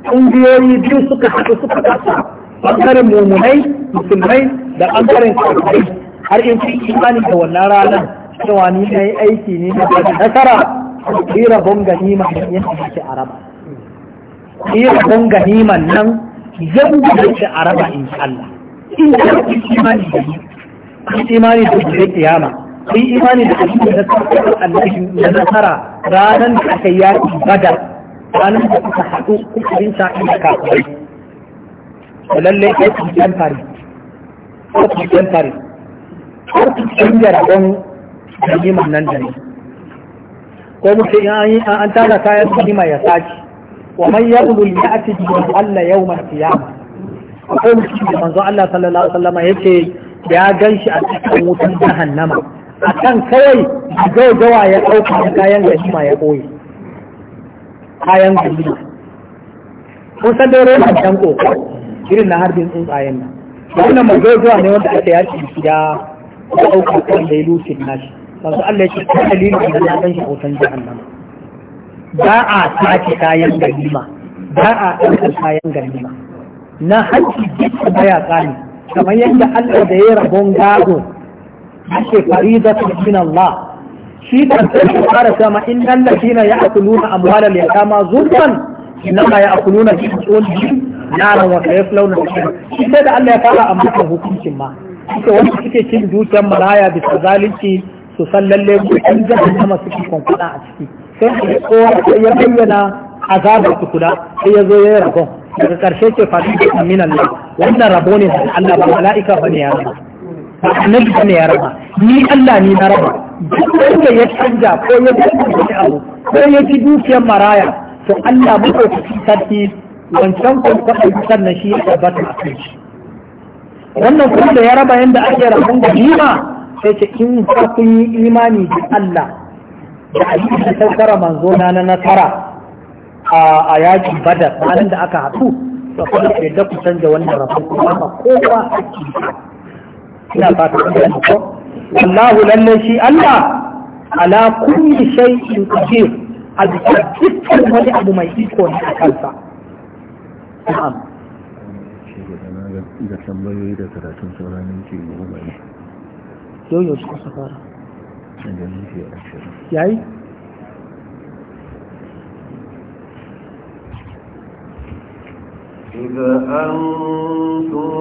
ƙungiyoyi biyu suka haɗu suka kasa ɓangaren mummunai musulmai da ɓangaren kafirai har in kun imani da wannan ranar cewa ni na aiki ne na nasara kira rabon ganima da yin abinci a raba yi rabon ganiman nan zan gudace a raba in sha Allah in da yi imani da yi kun imani da kuma kiyama kun imani da kuma da sarkar annabi da nasara ranar da aka yaki badar ranar da kuka haɗu kuka bin sa'in da kafirai lallai kai kun kyan fari ko kun fari ko kun kyan don ganiman nan da ni ko mu ce an tara kayan hima ya sace, wa man yaqulu li ati bi Allah yawm al-qiyamah ko mutum da manzo Allah sallallahu alaihi wasallam yake ya ganshi a cikin wutan jahannama akan kawai gaugawa ya dauka kayan ganima ya koyi kayan ganima kun san dai ne dan ko irin na harbin tsuntsayen nan wannan mai ne wanda aka yaki gida ya dauka kan da ya lusin nashi Masu Allah ya ce ta dalilu idan ya gan shi hoton jahannama. Ba a sace kayan galima. ba a ɗaukar kayan galima. Na hanci duk baya tsani, kamar yadda Allah da ya rabon gado, ake faridatu cikin Allah, shi da sai fara sama in allazina ya'kuluna amwalal yatama zulman inma ya'kuluna fi butunihim ya wa sayaslawna shi sai da Allah ya fara amsa hukuncin ma sai wanda suke cin dukiyar maraya bisa zalunci to sallalle an jahannama suke kwankwada a ciki sai a kowa ya bayyana azabar su kuda sai ya zo ya yi rabon daga karshe ke faɗi da min Allah wannan rabo ne da Allah ba mala'ika ba ne ya raba ba annabi ba ne ya raba ni Allah ni na raba duk wanda ya canja ko ya canja wani abu ko ya ci dukiyar maraya to Allah ba ko ci sarki wancan kwankwada sannan shi ya tabbata a kai wannan kuma da ya raba yadda ake rabon ganima sai ce in ba kun yi imani da Allah da ayyukan da saukara manzo na na nasara a yakin Bada, ranar da aka haɗu to kuma ke da ku canza wannan rafin kuma ba kowa ake ina fata kun da ko wallahu lalle shi Allah ala kulli shay'in qadir a dukkan wani abu mai iko ne a kansa na'am da tambayoyi da karatun sauran yanki goma yau yau suka fara yayi إذا أنتم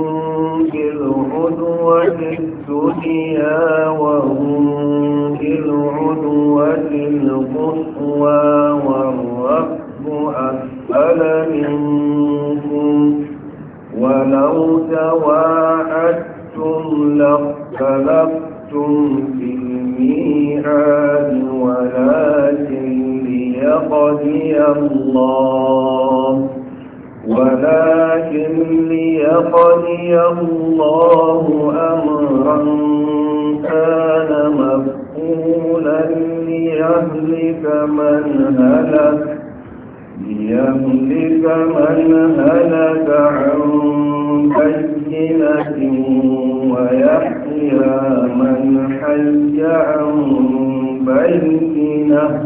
بالعدوة الدنيا وهم بالعدوة القصوى والركب أسفل منكم ولو تواعدتم لاختلفتم لستم في الميعاد ولكن ليقضي الله ولكن ليقضي الله أمرا كان مفعولا ليهلك من هلك ليهلك من هلك عنه بينة ويحيى من حي عن بينة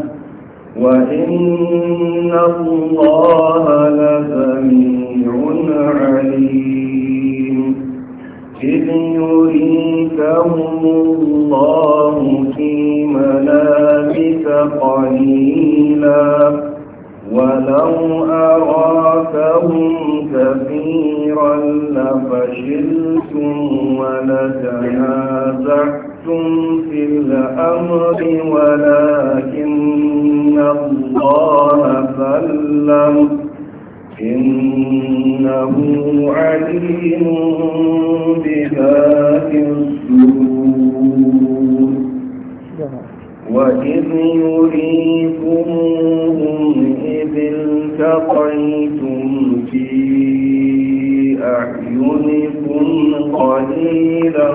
وإن الله لسميع عليم إذ يريكهم الله في منامك قليلاً ولو أراكهم كثيرا لفشلتم ولتنازعتم في الأمر ولكن الله سلم إنه عليم بذات السور وإذ يريكم التقيتم في أعينكم قليلا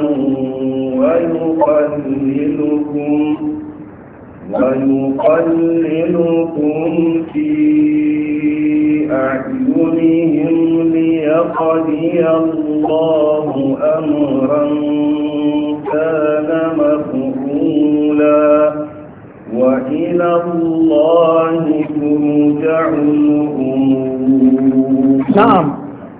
ويقللكم ويقللكم في أعينهم ليقضي الله أمرا كان إلى الله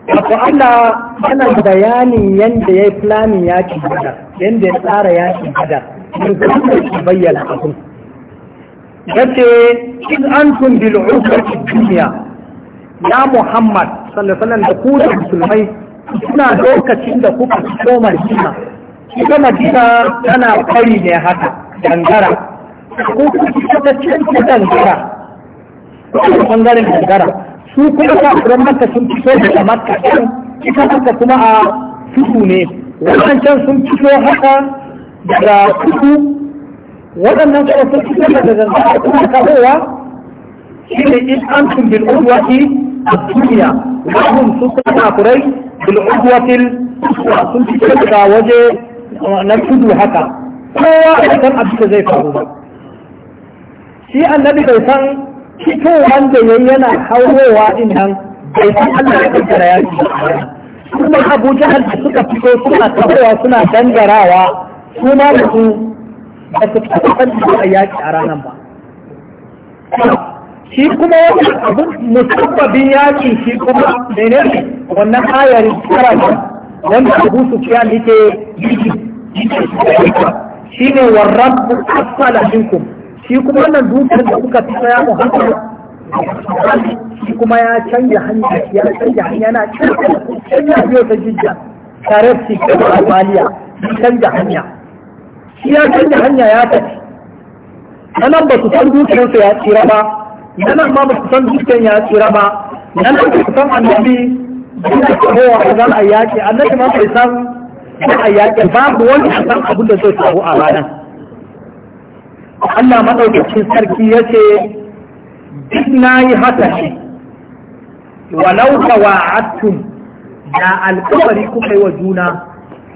Wato Allah yana bayanin yadda ya yi planin yakin hadar, yadda ya tsara yakin hadar, yin kuma bayyana abin. Yace, "In an tun bil'ukar duniya, ya Muhammad sallallahu da ku da musulmai suna lokacin da kuka so Madina. Ita Madina tana kari ne haka, dangara. ko kuma tabbacin ta gara. ko bangaren gangara su kuma kafiran makka sun fito daga makka ɗin ita makka kuma a tudu ne waɗancan sun fito haka daga tudu waɗannan kuma sun fito daga gangara kuma kawowa shi ne in an tun bil udwati a duniya wahum sun kuma kafirai bil udwatil sun fito daga waje na tudu haka kowa a kan abin da zai faru ba shi annabi bai san fitowar da yayi yana haurowa din nan bai san Allah ya kankara ya ci kuma Abu Jahal da suka fito suna tabbawa suna dangarawa suna da su ba su san a yaki a ranar ba shi kuma wani abu musabbabin yaƙi shi kuma ne wannan ayar ne wanda abu su fiya yi shi ne warrabu asala minkum shi kuma wannan dukiyar da kuka fi tsaya mu hankali shi kuma ya canja hanya ya canja hanya yana canja biyo ta jijja tare shi da alwaliya canja hanya shi ya canja hanya ya tafi nan ba su san su ya tsira ba nan ma ba su san dukiyar ya tsira ba nan ba su san annabi ke kowa a zan a yaƙi annabi ma bai san a yaƙi babu wani a san abin da zai faru a ranar Allah maɗaukacin sarki ya ce duk na yi haka shi walau attun da alƙawari kuka yi wa juna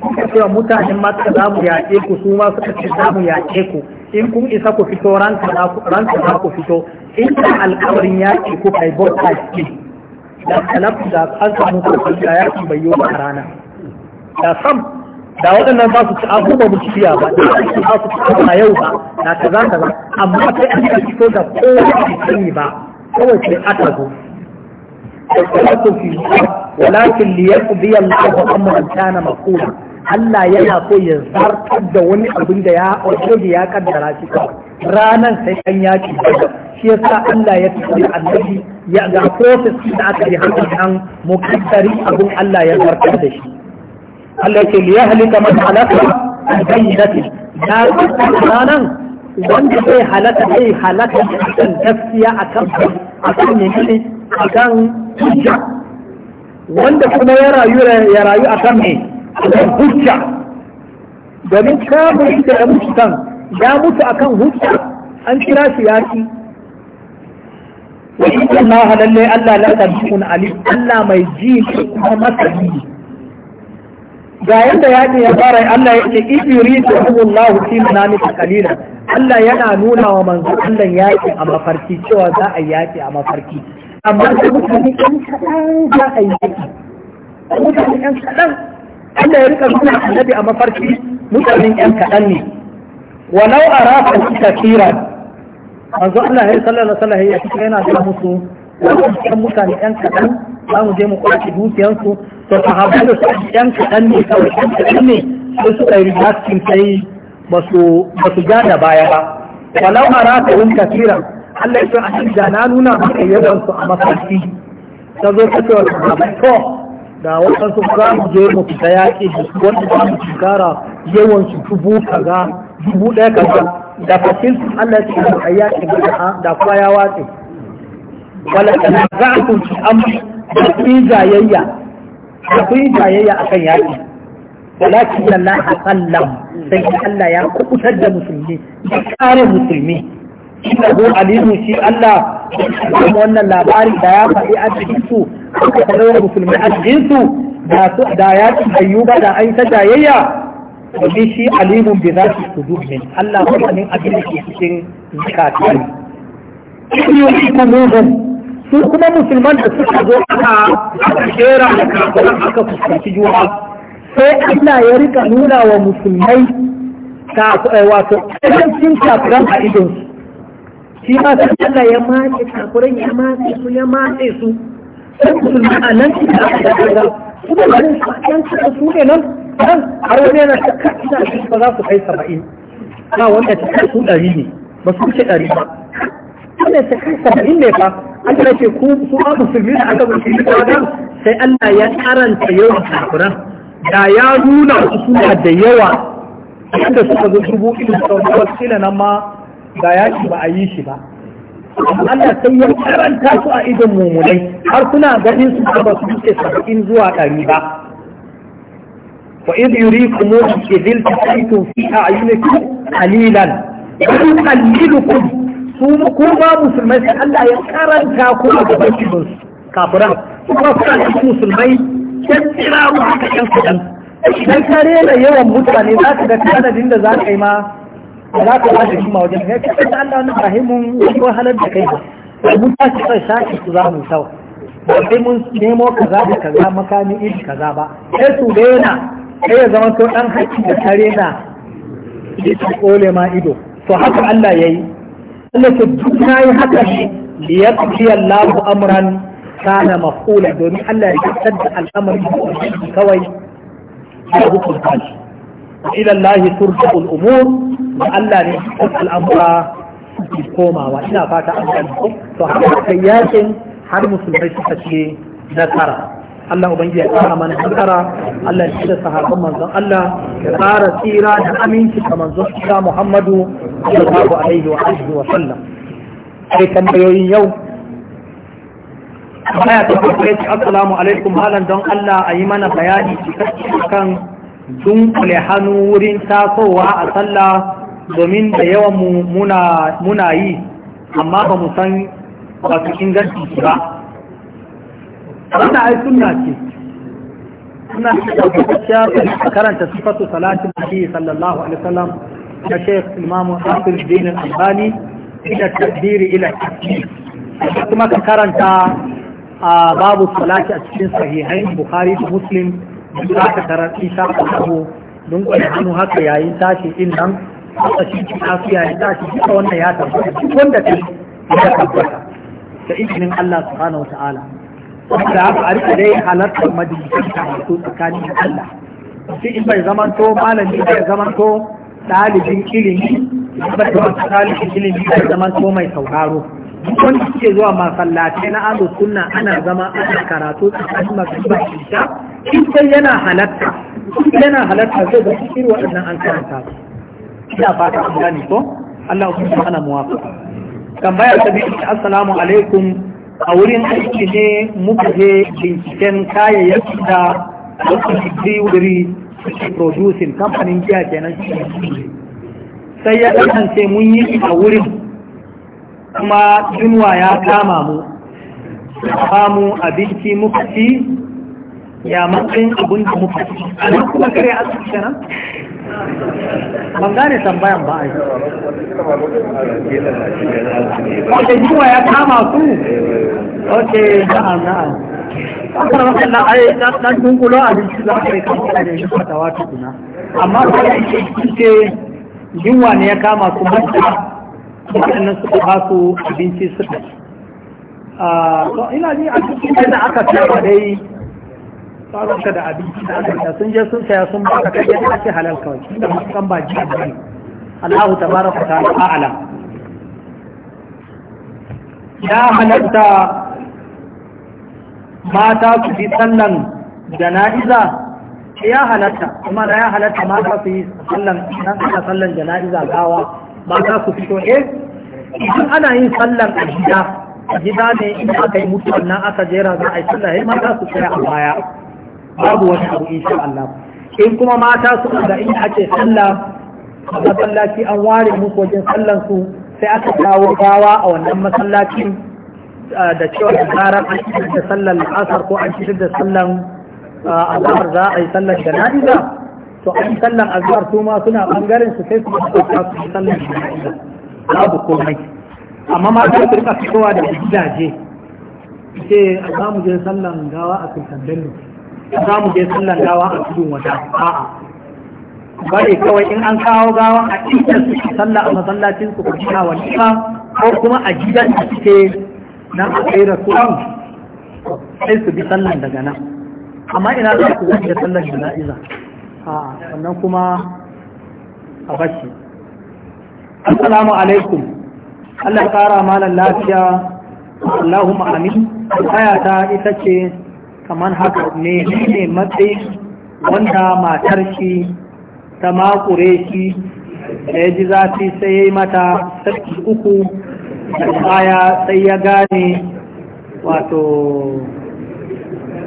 kuka cewa mutanen mata za mu yaƙe ku su ma suka ce za mu yaƙe ku in kun isa ku fito ranka za ku fito in ka alkawarin yaƙi ku yi bauta ce, da talaf da an samu kuka yaƙi bai yi wa rana da sam da waɗannan ba su ci abubuwa mu cikiya ba da su ba su ci a yau ba na kaza kaza amma sai an cikin fito da a cikin sani ba kawai sai ta zo وَلَكِنْ فِي وَلَكِنْ لِيَقْضِيَ اللَّهُ أَمْرًا كَانَ مَفْعُولًا Allah yana so ya zartar da wani abin da ya already ya kaddara shi ka ranar sai an yaki shi ya sa Allah ya tafi annabi ya ga process da aka yi hakan nan mukaddari abin Allah ya zartar da shi Allah ke liya halika mata halaka a bayyinati na ke. nan wanda zai halaka zai halaka a kan gaskiya a kan a kan yanki a kan hujja wanda kuma ya rayu a kan ne, a kan hujja domin kamun da ya mutu kan ya mutu a kan hujja an kira shi ya ci. wa inna na lalle Allah la tabi'un alim Allah mai ji kuma masani ga yadda yaƙi ya fara Allah ya ce ibiri da Allah fi manamika kalila Allah yana nuna wa manzo Allah yaƙi a mafarki cewa za a yaƙi a mafarki amma da mutane ɗan kaɗan za a yi yaƙi mutane ɗan kaɗan Allah ya rika nuna annabi a mafarki mutane ɗan kaɗan ne walau a rafa shi kafira manzo Allah ya sallallahu alaihi wasallam ya ce yana da musu wannan mutane ɗan kaɗan za mu je mu kwace dukiyansu to sahabbai da su yan kaɗan ne kawai yan kaɗan ne sai suka yi relaxing sai ba su ja da baya ba walau a rata wun kasiran Allah ya ce a cikin da na nuna maka yawan su a mafarki ta zo ta ce wa sahabbai to da waɗansu za mu je mu fita yaƙi da su wanda za mu shigara yawan su dubu kaza dubu ɗaya kaza da fasil Allah ya ce a yaƙi da kuma ya wace. wala kana za'atun fi amri da fi jayayya akwai jayayya akan yaki walakin Allah sallam sai Allah ya kubutar da musulmi ya kare musulmi inna ko alimu shi Allah kuma wannan labarin da ya faɗi a cikin su aka da musulmi a cikin su da su da ya ba da an ta jayayya domin shi alimun bi za su sudur min Allah kuma abin da ke cikin zakatun. su kuma musulman da suka zo aka shera da kafiran aka fuskanci juna sai Allah ya rika nuna wa musulmai eh, wato ƙarancin kafiran a su shi ma sai Allah ya mace kafiran ya mace su ya mace su sai musulmai a nan su da aka shera su da garin su su ne nan dan har wani yana ta kasa ba za su kai saba'in ba wanda ta kai su ɗari ne ba su wuce ɗari ba ne sai kai ne fa an tana ce ku musulmi da aka musulmi da wadan sai Allah ya karanta yawan kafiran da ya nuna su suna da yawa inda suka zo dubu ilu sau da wasu nan ma da ba a yi shi ba Allah sai ya karanta su a idon mummunai har kuna ganin su ba su duke zuwa ɗari ba. Wa idh yurikumuhum idh iltasaytum fi a'yunikum qalilan wa Kuma ko musulmai sai Allah ya karanta ku a gaban kibin kafiran kuma kuma da musulmai sai tsira mu haka kan kadan idan ka rena yawan mutane za ka ga tanadin da za ka yi ma za ka ba da shi ma wajen ya ce da Allah wannan rahimun ko halar da kai ba mun ta ci kai sashi su za mu sau ba sai mun nemo kaza da kaza makami iri kaza ba sai su daina sai ya zama to dan hakki da kare na da ta kole ma ido to haka Allah yayi Allah ce duk yi haka ne ya tafi amran kana maf'ula domin Allah ya tattar da al'amarin kawai ya hukunta shi ila Allah turja'u al-umur wa Allah ne al'amura su komawa ina fata an gani to haka yakin har musulmai suka ce nasara Allah ubangiji ya kara mana hankara Allah ya da sahabban manzon Allah ya kara tsira da aminci ga manzon Allah Muhammadu sallallahu alaihi wa alihi wa sallam sai tambayoyin yau baya ta kwakwai ci assalamu alaikum malam don Allah a yi mana bayani cikakken kan dunkule hannu wurin tasowa a sallah domin da yawan muna yi amma ba mu san wasu inganci ba wannan ai sunna ce suna da karanta sifatu salatin nabi sallallahu alaihi wasallam da Sheikh Imam Hafiz Din Al-Albani ila tadbiri ila tasbih kuma ka karanta a babu salati a cikin sahihain Bukhari da Muslim za ka tarar isa Allah don kwaya hannu haka yayin tashi din nan a cikin lafiya ya tashi duka wannan ya tabbata duk wanda ta ya tabbata da izinin Allah subhanahu wa ta'ala da haka a rika dai halartar majalisar karatu tsakanin Allah shi in bai zaman to malami bai zaman to ɗalibin ilimi bai zaman to ɗalibin ilimi bai zaman to mai sauraro wanda suke zuwa masallatai na alu sunna ana zama ana karatu tsakanin magariba da in sai yana halatta yana halatta sai da irin waɗannan an karanta su ina fata an gane ko Allah ya kuma ana muwafaqa tambaya ta biyu assalamu alaikum a wurin aiki ne muka je binciken kayayyaki da wasu brewery producing kamfanin giya kenan sai ya kasance mun yi a wurin kuma yunwa ya kama mu samu abinci muka ci ya matsayin abin da muka ci a nan kuma kare cikin nan bangare tambayan ba a yi wata yiwa ya kama su ok na'am na'am akwai wasan na ai na dunkulo abinci za ka yi kamar da shi wata kuna amma kawai ce yiwa ne ya kama su mata waɗannan suka ba su abinci suka ah, ina ni a cikin da aka kama dai tsaronka da abinci da aka sun je sun saya sun baka kai yadda ake halal kawai da musamman ba ji ba ne Allahu tabaraka ta'ala a'ala ya halatta mata su yi sallan jana'iza eh, ya halatta kuma da ya halatta mata su yi sallan nan ana sallan jana'iza gawa mata su fito eh idan ana yin sallan a gida gida ne in aka yi mutuwan nan aka jera za a yi sallah ya eh, mata su tsaya a baya babu wani abu sha Allah in kuma mata su ga inda ake sallah a masallaci an ware muku wajen sallan su sai aka kawo gawa a wannan masallacin da cewa da zarar an shigar da sallan asar ko an shigar da sallan azhar za a yi sallan jana'iza to an sallan azhar su ma suna bangaren su sai su ta su sallan jana'iza babu komai amma ma ta rika fitowa da gidaje sai a samu je sallan gawa a kirkan bello za mu je sallan gawa a cikin wata a'a bari kawai in an kawo gawa a cikin su sallah a masallacin su kuma a wani ko kuma a gidan da suke nan a kai sai su bi sallan daga nan amma ina za su zai da sallan jana'iza a'a sannan kuma a bashi assalamu alaikum Allah ƙara malam lafiya Allahumma amin aya ta ita ce kamar haka ne ne matsayi wanda matar shi ta makure shi da ya ji zafi sai ya yi mata sarki uku da baya sai ya gane wato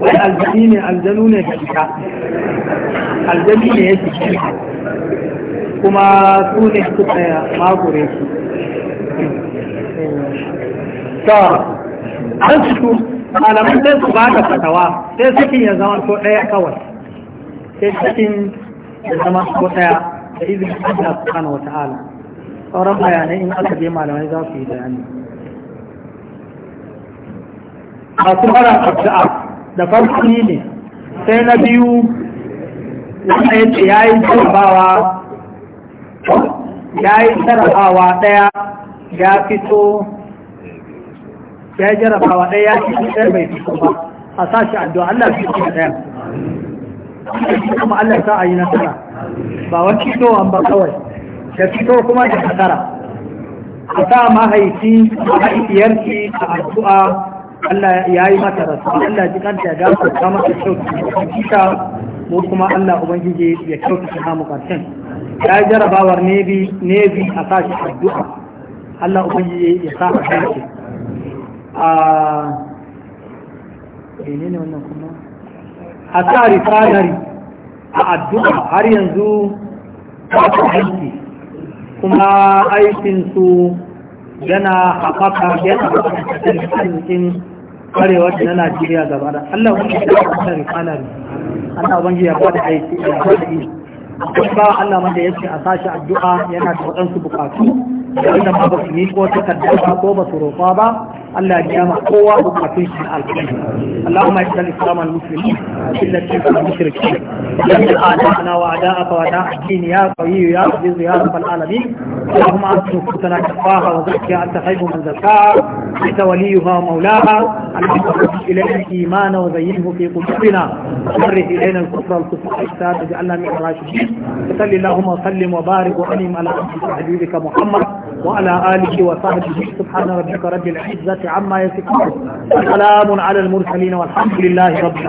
wani aljani ne aljanu ne da ita aljani ne ya shi kuma su ne suka makure shi ta an malaman sai su baka fatawa sai sakin ya zama ko ɗaya kawai sai sakin ya zama ko ɗaya da izini Allah subhanahu wa ta'ala sauran bayanai in aka je malamai za su yi bayani masu mara addu'a da farko ne sai na biyu wanda ya ce ya yi jarabawa ya yi jarabawa ɗaya ya fito ya jira jarabawa ɗaya ya ci ɗaya bai fito ba a sashi addu'a Allah shi ke ɗaya kuma Allah ta a yi nasara ba wani fitowan ba kawai da fito kuma da nasara a sa mahaifi mahaifiyarki a addu'a Allah ya yi mata rasu Allah ji kanta ya gafa ta mata kyautu kika mu kuma Allah ubangiji ya kyautu ta hamu karshen ya yi jarabawar nevi a sashi addu'a Allah ubangiji ya sa a kyautu a ne wannan kuma a sa rifanari a addu'a har yanzu ba su aiki kuma aikinsu yana haɓaka yana cikin karewar da na Najeriya gaba da Allah wani da ya tsari rifanari Allah wani ya bada aiki ya da iya akwai ba Allah wanda ya ce a sashi addu'a yana da waɗansu bukatu da wannan ba ba su miƙo takardar ba ko ba su roƙa ba Allah ya ma kowa bukatun shi alƙalmi Allahumma ya tsali islam al-muslimin illa tilka al-mushrikin ya ta'ala wa ada'aka wa da'akin ya qawi ya aziz ya rabbal alamin اللهم أنت نفوسنا تقواها وزكها أنت خير من زكاها أنت وليها ومولاها اللهم إلينا الإيمان وزينه في قلوبنا وكره إلينا الكفر والكفر والإحسان واجعلنا من الراشدين وصل اللهم وسلم وبارك وأنعم على عبدك حبيبك محمد وعلى آله وصحبه سبحان ربك رب العزة عما يصفون سلام على المرسلين والحمد لله رب العالمين